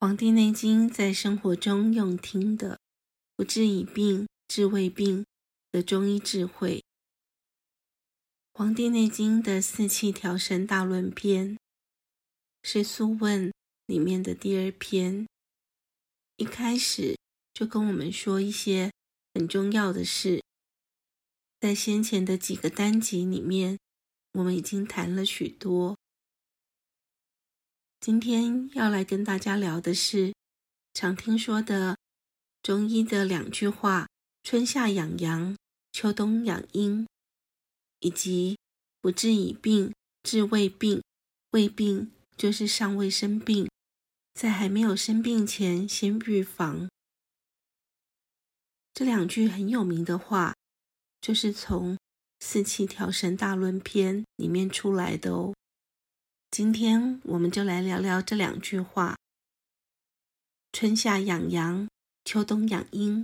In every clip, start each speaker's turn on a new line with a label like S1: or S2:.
S1: 《黃帝內經》在生活中用聽的，不治已病治未病的中醫智慧。《黃帝內經》的四氣調神大論篇是《素問》裡面的第二篇，一開始就跟我們說一些很重要的事。在先前的幾個單集裡面，我們已經談了許多。今天要來跟大家聊的是常聽說的中醫的兩句話：春夏養陽，秋冬養陰，以及不治已病、治未病。未病就是尚未生病，在還沒有生病前先預防。這兩句很有名的話，就是從《四氣調神大論篇》裡面出來的哦。今天我們就來聊聊這兩句話：“春夏養陽，秋冬養陰，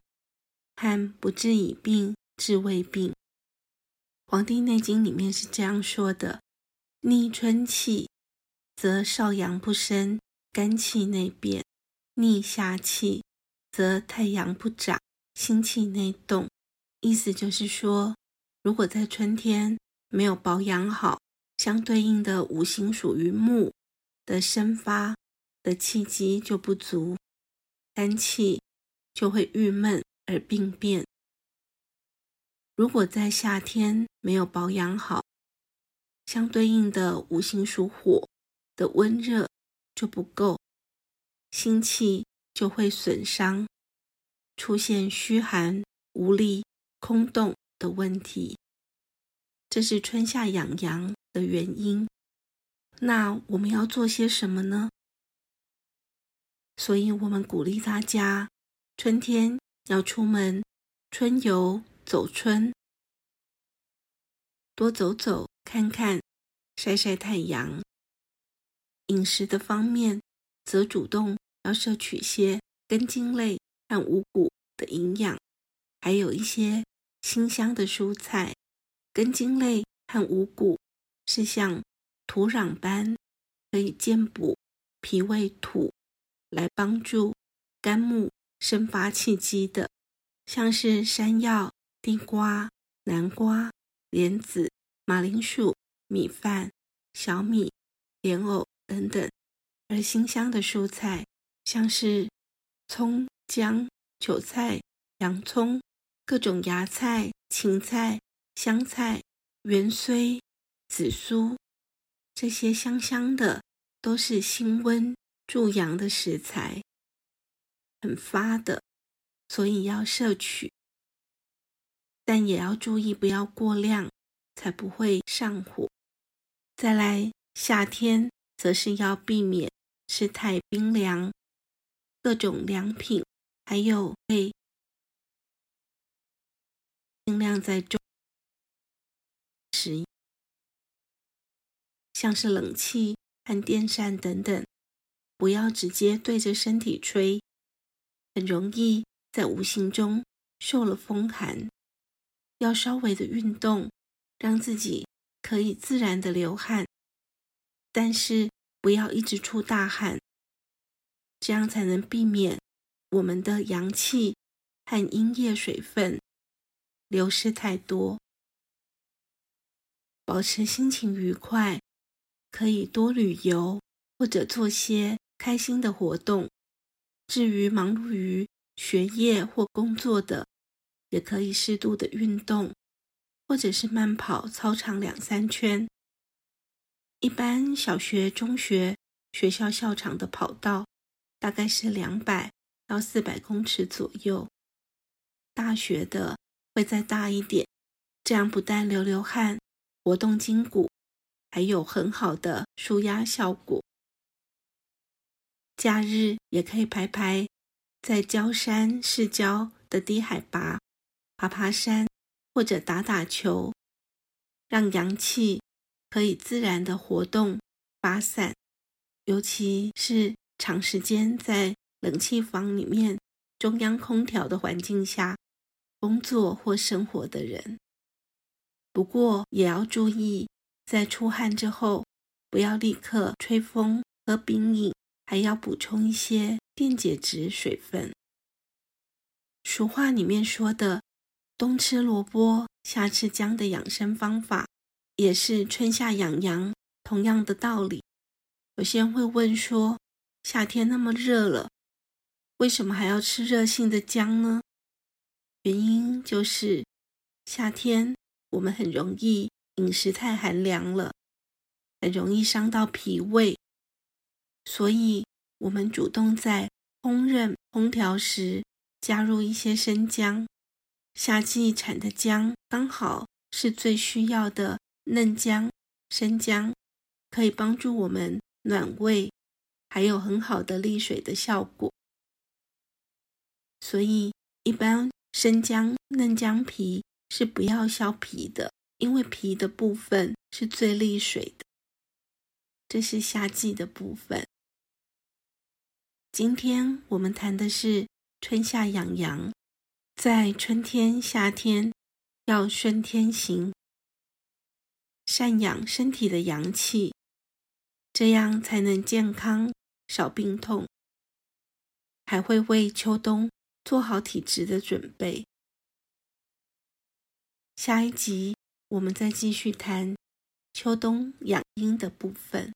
S1: 和不治已病，治未病。”《黃帝內經》裡面是這樣說的：“逆春氣，則少陽不生，肝氣內變；逆夏氣，則太陽不長，心氣內洞。”意思就是說，如果在春天沒有保養好。相對應的五行屬於木的生發的氣機就不足，肝氣就會鬱悶而病變。如果在夏天沒有保養好，相對應的五行屬火的溫熱就不夠，心氣就會損傷，出現虛寒、無力、空洞的問題。這是春夏養陽的原因，那我們要做些什麼呢？所以，我們鼓勵大家春天要出門春遊、走春，多走走、看看，曬曬太陽。飲食的方面，則主動要攝取一些根莖類和五穀的營養，還有一些辛香的蔬菜、根莖類和五穀。是像土壤般可以健補脾胃土，來幫助肝木生發氣機的，像是山藥、地瓜、南瓜、蓮子、馬鈴薯、米飯、小米、蓮藕等等。而辛香的蔬菜，像是蔥、薑、韭菜、洋蔥、各種芽菜、芹菜、香菜、芫荽。紫蘇，這些香香的都是辛溫助陽的食材，很發的，所以要攝取，但也要注意不要過量，才不會上火。再來，夏天則是要避免吃太冰涼，各種涼品，還有被。盡量在中。像是冷氣和電扇等等，不要直接對着身體吹，很容易在無形中受了風寒。要稍微的運動，讓自己可以自然的流汗，但是不要一直出大汗，這樣才能避免我們的陽氣和陰液水分流失太多。保持心情愉快。可以多旅遊，或者做些開心的活動。至於忙碌於學業或工作的，也可以適度的運動，或者是慢跑操場兩三圈。一般小學、中學學校操場的跑道大概是兩百到四百公尺左右，大學的會再大一點。這樣不但流流汗，活動筋骨。還有很好的舒壓效果。假日也可以排排，在郊山市郊的低海拔，爬爬山，或者打打球，讓陽氣可以自然的活動發散。尤其是長時間在冷氣房裡面，中央空調的環境下工作或生活的人，不過也要注意。在出汗之後，不要立刻吹風、喝冰飲，還要補充一些電解質、水分。俗話裡面說的“冬吃蘿蔔，夏吃薑”的養生方法，也是春夏養陽同樣的道理。有些人會問說：“夏天那麼熱了，為什麼還要吃熱性的薑呢？”原因就是夏天我們很容易。飲食太寒涼了，很容易傷到脾胃，所以我們主動在烹飪烹調時加入一些生薑。夏季產的薑剛好是最需要的嫩薑，生薑可以幫助我們暖胃，還有很好的利水的效果。所以一般生薑嫩薑皮是不要削皮的。因為皮的部分是最利水的，這是夏季的部分。今天我們談的是春夏養陽，在春天、夏天要順天行，善養身體的陽氣，這樣才能健康少病痛，還會為秋冬做好體質的準備。下一集。我們再繼續談秋冬養陰的部分。